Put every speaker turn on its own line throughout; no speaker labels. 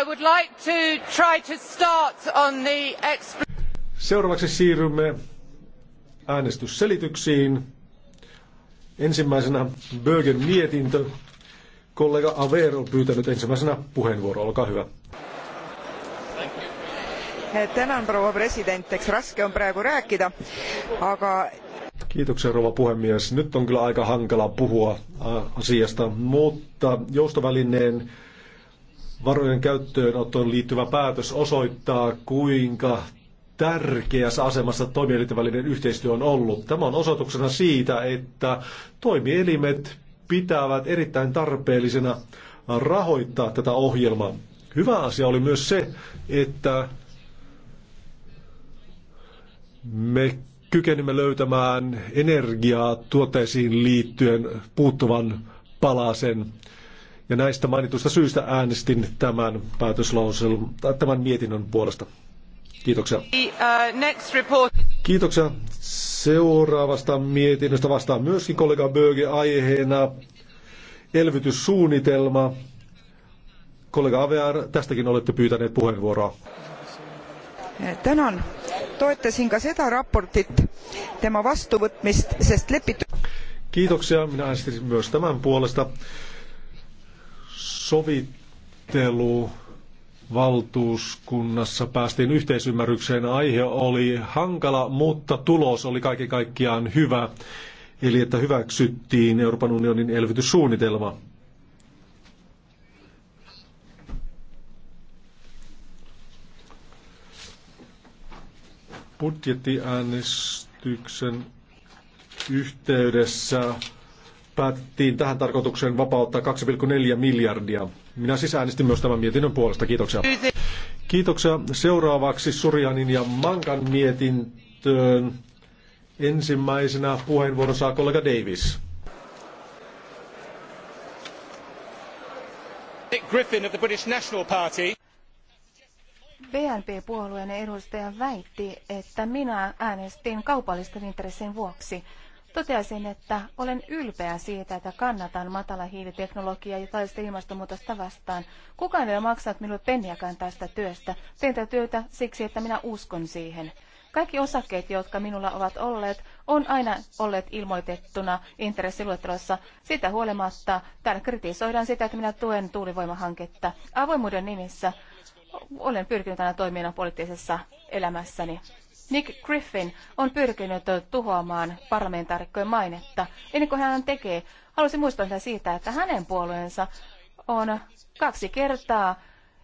I would like to try to start on the
Seuraavaksi siirrymme äänestysselityksiin. Ensimmäisenä Bögen mietintö. Kollega Avero on pyytänyt ensimmäisenä puheenvuoro. Olkaa hyvä.
Tänään proua raske on praegu rääkida, aga...
Kiitoksia rouva puhemies. Nyt on kyllä aika hankala puhua asiasta, mutta joustovälineen varojen käyttöönottoon liittyvä päätös osoittaa, kuinka tärkeässä asemassa toimielinten välinen yhteistyö on ollut. Tämä on osoituksena siitä, että toimielimet pitävät erittäin tarpeellisena rahoittaa tätä ohjelmaa. Hyvä asia oli myös se, että me kykenimme löytämään energiaa tuotteisiin liittyen puuttuvan palasen ja näistä mainituista syistä äänestin tämän, päätöslauselman, tämän mietinnön puolesta. Kiitoksia.
Uh,
Kiitoksia. Seuraavasta mietinnöstä vastaa myöskin kollega Böge aiheena elvytyssuunnitelma. Kollega Avear, tästäkin olette pyytäneet puheenvuoroa.
Eh, Tänään toettasin ka seda raportit tema
vastuvõtmist,
sest lepitu...
Kiitoksia. Minä äänestin siis myös tämän puolesta sovittelu valtuuskunnassa päästiin yhteisymmärrykseen. Aihe oli hankala, mutta tulos oli kaiken kaikkiaan hyvä. Eli että hyväksyttiin Euroopan unionin elvytyssuunnitelma. Budjettiäänestyksen yhteydessä päätettiin tähän tarkoitukseen vapauttaa 2,4 miljardia. Minä sisäänestin äänestin myös tämän mietinnön puolesta. Kiitoksia. Kiitoksia. Seuraavaksi Surjanin ja Mankan mietintöön. Ensimmäisenä puheenvuoron saa kollega Davis. Nick Griffin of the British National Party.
BNP-puolueen edustaja väitti, että minä äänestin kaupallisten intressien vuoksi. Toteaisin, että olen ylpeä siitä, että kannatan matala hiiliteknologiaa ja taistelen ilmastonmuutosta vastaan. Kukaan ei ole maksanut minulle penniäkään tästä työstä. Teen tätä työtä siksi, että minä uskon siihen. Kaikki osakkeet, jotka minulla ovat olleet, on aina olleet ilmoitettuna intressiluettelossa. Sitä huolimatta täällä kritisoidaan sitä, että minä tuen tuulivoimahanketta. Avoimuuden nimissä olen pyrkinyt aina toimimaan poliittisessa elämässäni. Nick Griffin on pyrkinyt tuhoamaan parlamentaarikkojen mainetta. Ennen kuin hän tekee, haluaisin muistuttaa siitä, että hänen puolueensa on kaksi kertaa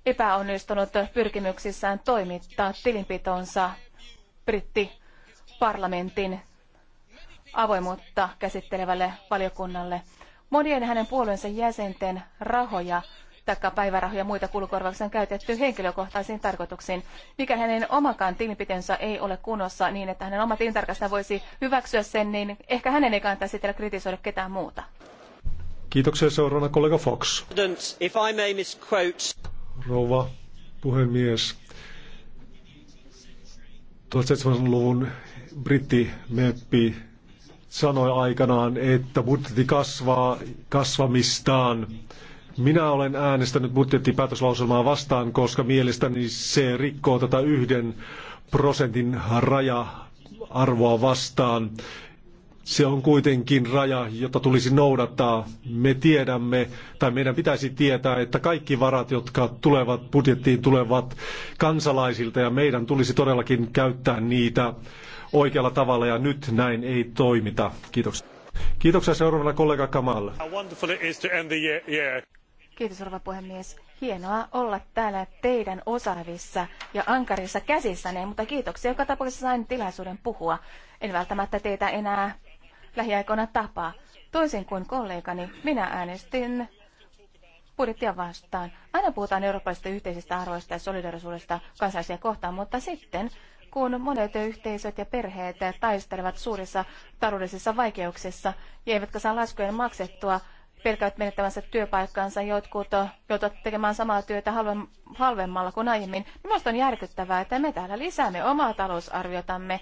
epäonnistunut pyrkimyksissään toimittaa tilinpitonsa britti parlamentin avoimuutta käsittelevälle valiokunnalle. Monien hänen puolueensa jäsenten rahoja taikka päivärahoja ja muita kulukorvauksia on käytetty henkilökohtaisiin tarkoituksiin. Mikä hänen omakaan tilinpitensä ei ole kunnossa niin, että hänen oma tilintarkastaja voisi hyväksyä sen, niin ehkä hänen ei kannattaisi sitten kritisoida ketään muuta.
Kiitoksia seuraavana kollega Fox. Rouva puhemies, 1700-luvun Britti meppi sanoi aikanaan, että budjetti kasvaa kasvamistaan. Minä olen äänestänyt budjettipäätöslauselmaa vastaan, koska mielestäni se rikkoo tätä yhden prosentin raja-arvoa vastaan. Se on kuitenkin raja, jota tulisi noudattaa. Me tiedämme, tai meidän pitäisi tietää, että kaikki varat, jotka tulevat budjettiin, tulevat kansalaisilta, ja meidän tulisi todellakin käyttää niitä oikealla tavalla, ja nyt näin ei toimita. Kiitoksia. Kiitoksia seuraavana kollega Kamal.
Kiitos, rouva puhemies. Hienoa olla täällä teidän osaavissa ja ankarissa käsissänne, mutta kiitoksia. Joka tapauksessa sain tilaisuuden puhua. En välttämättä teitä enää lähiaikoina tapaa. Toisin kuin kollegani, minä äänestin budjettia vastaan. Aina puhutaan eurooppalaisista yhteisistä arvoista ja solidarisuudesta kansallisia kohtaan, mutta sitten kun monet yhteisöt ja perheet taistelevat suurissa taloudellisissa vaikeuksissa ja eivätkä saa laskujen maksettua, pelkäävät menettävänsä työpaikkansa, jotkut joutuvat tekemään samaa työtä halvemmalla kuin aiemmin. Minusta on järkyttävää, että me täällä lisäämme omaa talousarviotamme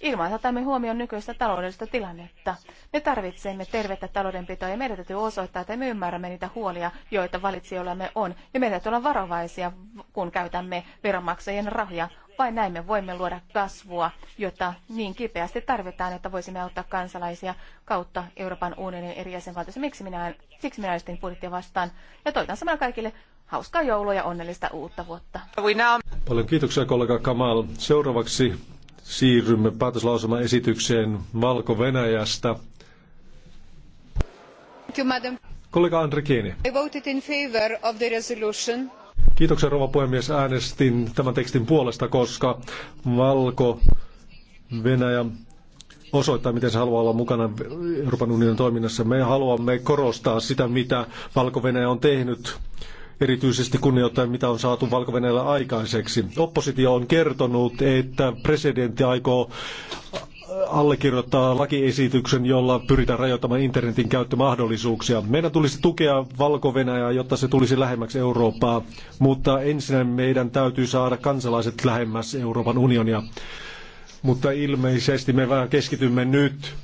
ilman, otamme huomioon nykyistä taloudellista tilannetta. Me tarvitsemme tervettä taloudenpitoa ja meidän täytyy osoittaa, että me ymmärrämme niitä huolia, joita valitsijoillamme on. Ja meidän täytyy olla varovaisia, kun käytämme veronmaksajien rahoja vain näin me voimme luoda kasvua, jota niin kipeästi tarvitaan, että voisimme auttaa kansalaisia kautta Euroopan unionin eri jäsenvaltioissa. Miksi minä, siksi minä äänestin budjettia vastaan ja toivotan samalla kaikille hauskaa joulua ja onnellista uutta vuotta.
Paljon kiitoksia kollega Kamal. Seuraavaksi siirrymme päätöslausuman esitykseen Valko-Venäjästä. Kollega Andrikiini.
I voted in favor of the resolution
Kiitoksia rouva puhemies. Äänestin tämän tekstin puolesta, koska Valko Venäjä osoittaa, miten se haluaa olla mukana Euroopan unionin toiminnassa. Me haluamme korostaa sitä, mitä valko on tehnyt, erityisesti kunnioittaen, mitä on saatu valko aikaiseksi. Oppositio on kertonut, että presidentti aikoo allekirjoittaa lakiesityksen, jolla pyritään rajoittamaan internetin käyttömahdollisuuksia. Meidän tulisi tukea valko jotta se tulisi lähemmäksi Eurooppaa, mutta ensin meidän täytyy saada kansalaiset lähemmäs Euroopan unionia. Mutta ilmeisesti me vähän keskitymme nyt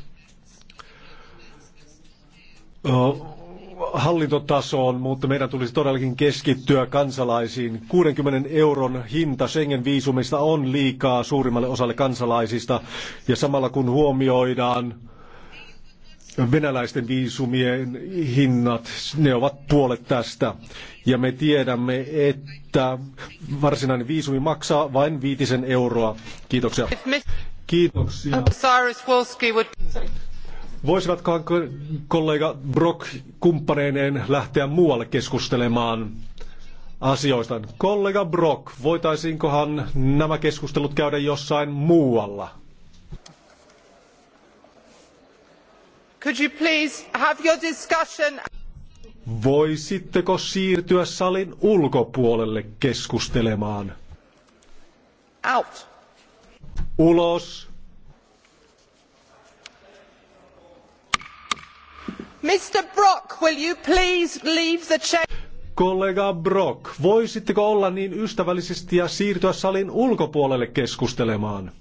hallintotasoon, mutta meidän tulisi todellakin keskittyä kansalaisiin. 60 euron hinta Schengen-viisumista on liikaa suurimmalle osalle kansalaisista, ja samalla kun huomioidaan venäläisten viisumien hinnat, ne ovat puolet tästä. Ja me tiedämme, että varsinainen viisumi maksaa vain viitisen euroa. Kiitoksia. Kiitoksia. Voisivatkohan kollega Brock kumppaneineen lähteä muualle keskustelemaan asioista? Kollega Brock, voitaisiinkohan nämä keskustelut käydä jossain muualla?
Could you please have your discussion...
Voisitteko siirtyä salin ulkopuolelle keskustelemaan? Out. Ulos.
Mr. Brock, will you please leave
the chair? Kollega Brock, voisitteko olla niin ystävällisesti ja siirtyä salin ulkopuolelle keskustelemaan?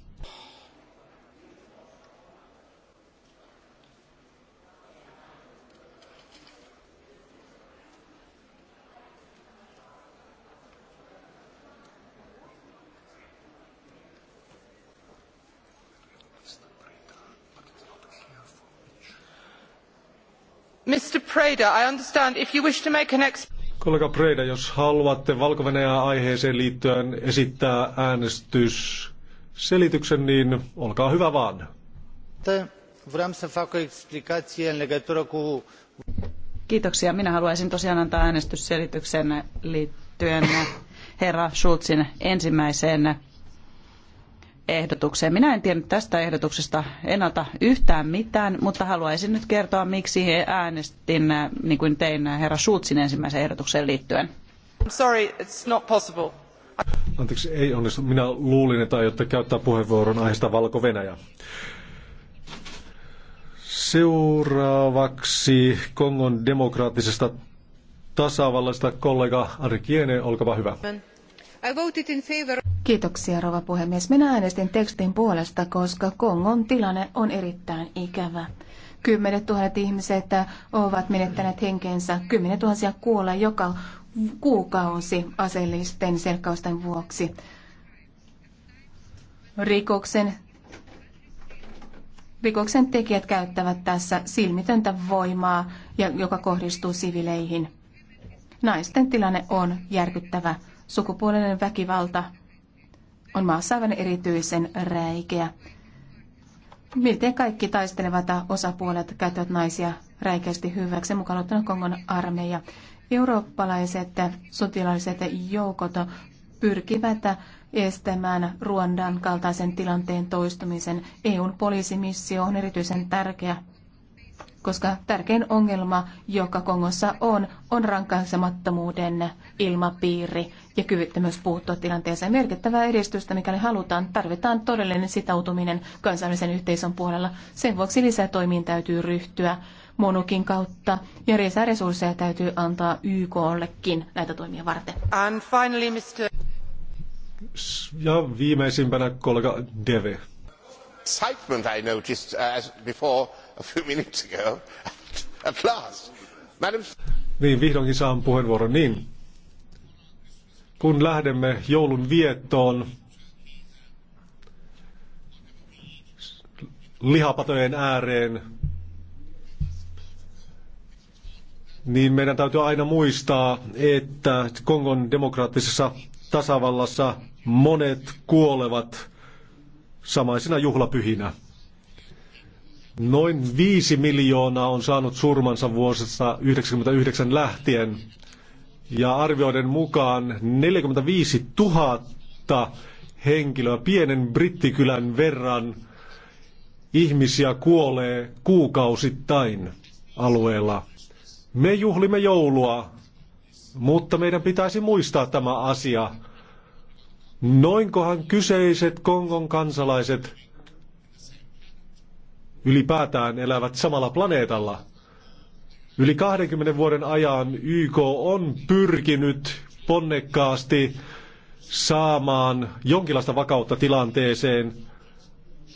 I understand if you wish to make an ex-
Kollega Preda, jos haluatte valko aiheeseen liittyen esittää äänestysselityksen, niin olkaa hyvä vaan.
Kiitoksia. Minä haluaisin tosiaan antaa äänestysselityksen liittyen herra Schulzin ensimmäiseen ehdotukseen. Minä en tiennyt tästä ehdotuksesta ennalta yhtään mitään, mutta haluaisin nyt kertoa, miksi he äänestin, äh, niin kuin tein äh, herra Schulzin ensimmäiseen ehdotukseen liittyen. I'm sorry, it's not possible.
Anteeksi, ei onnistu. Minä luulin, että aiotte käyttää puheenvuoron aiheesta Valko-Venäjä. Seuraavaksi Kongon demokraattisesta tasavallasta kollega Ari Kiene, olkapa hyvä.
I voted in favor. Kiitoksia, rouva puhemies. Minä äänestin tekstin puolesta, koska Kongon tilanne on erittäin ikävä. Kymmenet tuhannet ihmiset ovat menettäneet henkensä. Kymmenet tuhansia kuolee joka kuukausi aseellisten selkkausten vuoksi. Rikoksen, rikoksen tekijät käyttävät tässä silmitöntä voimaa, joka kohdistuu sivileihin. Naisten tilanne on järkyttävä. Sukupuolinen väkivalta on maassa aivan erityisen räikeä. Miltei kaikki taistelevat osapuolet käyttävät naisia räikeästi hyväksi, mukaan ottanut Kongon armeija. Eurooppalaiset sotilaalliset joukot pyrkivät estämään Ruandan kaltaisen tilanteen toistumisen. EUn poliisimissio on erityisen tärkeä koska tärkein ongelma, joka Kongossa on, on rankaisemattomuuden ilmapiiri ja kyvyttömyys puuttua tilanteeseen. Merkittävää edistystä, mikäli halutaan, tarvitaan todellinen sitoutuminen kansainvälisen yhteisön puolella. Sen vuoksi toimiin täytyy ryhtyä monukin kautta ja resursseja täytyy antaa YKllekin näitä toimia varten. And finally, Mr.
Ja viimeisimpänä kollega Deve. Excitement I noticed uh, as
before a few minutes ago. At last. Madam...
Niin, vihdoinkin saan puheenvuoron. Niin. Kun lähdemme joulun viettoon, lihapatojen ääreen, niin meidän täytyy aina muistaa, että Kongon demokraattisessa tasavallassa monet kuolevat samaisina juhlapyhinä. Noin viisi miljoonaa on saanut surmansa vuosista 1999 lähtien. Ja arvioiden mukaan 45 000 henkilöä pienen brittikylän verran ihmisiä kuolee kuukausittain alueella. Me juhlimme joulua, mutta meidän pitäisi muistaa tämä asia. Noinkohan kyseiset Kongon kansalaiset ylipäätään elävät samalla planeetalla. Yli 20 vuoden ajan YK on pyrkinyt ponnekkaasti saamaan jonkinlaista vakautta tilanteeseen,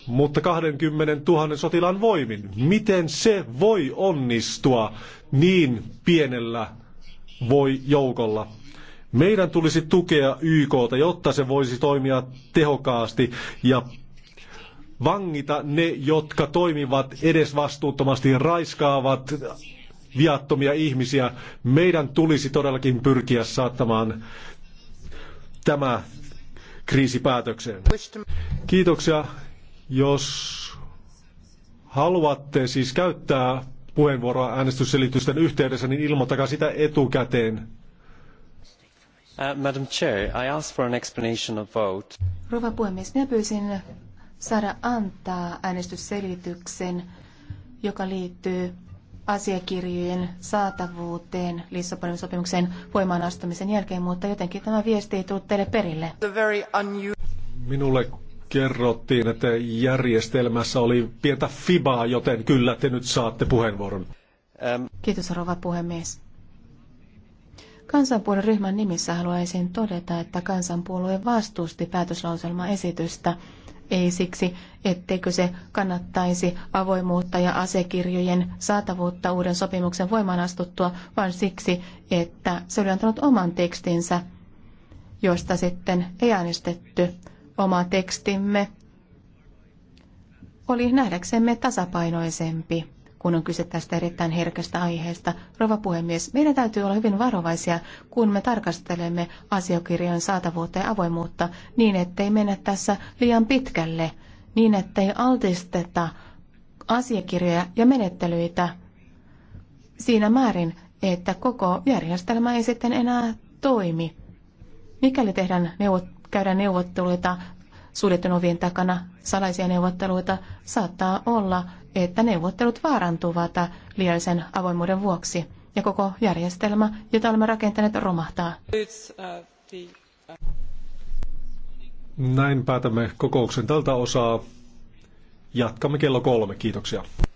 mutta 20 000 sotilaan voimin. Miten se voi onnistua niin pienellä voi joukolla? Meidän tulisi tukea YKta, jotta se voisi toimia tehokkaasti ja vangita ne, jotka toimivat edesvastuuttomasti, raiskaavat viattomia ihmisiä. Meidän tulisi todellakin pyrkiä saattamaan tämä kriisi päätökseen. Kiitoksia. Jos haluatte siis käyttää puheenvuoroa äänestysselitysten yhteydessä, niin ilmoittakaa sitä etukäteen. Uh, Madam Chair, I ask for an explanation of vote.
Rouva puhemies, minä pyysin saada antaa äänestysselityksen, joka liittyy asiakirjojen saatavuuteen Lissabonin sopimuksen voimaan astumisen jälkeen, mutta jotenkin tämä viesti ei tullut teille perille.
Minulle kerrottiin, että järjestelmässä oli pientä fibaa, joten kyllä te nyt saatte puheenvuoron. Ähm.
Kiitos rouva puhemies. Kansanpuolueen ryhmän nimissä haluaisin todeta, että kansanpuolue vastusti päätöslauselmaesitystä ei siksi, etteikö se kannattaisi avoimuutta ja asekirjojen saatavuutta uuden sopimuksen voimaan astuttua, vaan siksi, että se oli antanut oman tekstinsä, josta sitten ei äänestetty. Oma tekstimme oli nähdäksemme tasapainoisempi kun on kyse tästä erittäin herkästä aiheesta. Rova puhemies, meidän täytyy olla hyvin varovaisia, kun me tarkastelemme asiakirjojen saatavuutta ja avoimuutta niin, ettei mennä tässä liian pitkälle, niin ettei altisteta asiakirjoja ja menettelyitä siinä määrin, että koko järjestelmä ei sitten enää toimi. Mikäli tehdään neuvot- käydään neuvotteluita suljettujen ovien takana salaisia neuvotteluita, saattaa olla, että neuvottelut vaarantuvat liiallisen avoimuuden vuoksi ja koko järjestelmä, jota olemme rakentaneet, romahtaa.
Näin päätämme kokouksen tältä osaa. Jatkamme kello kolme. Kiitoksia.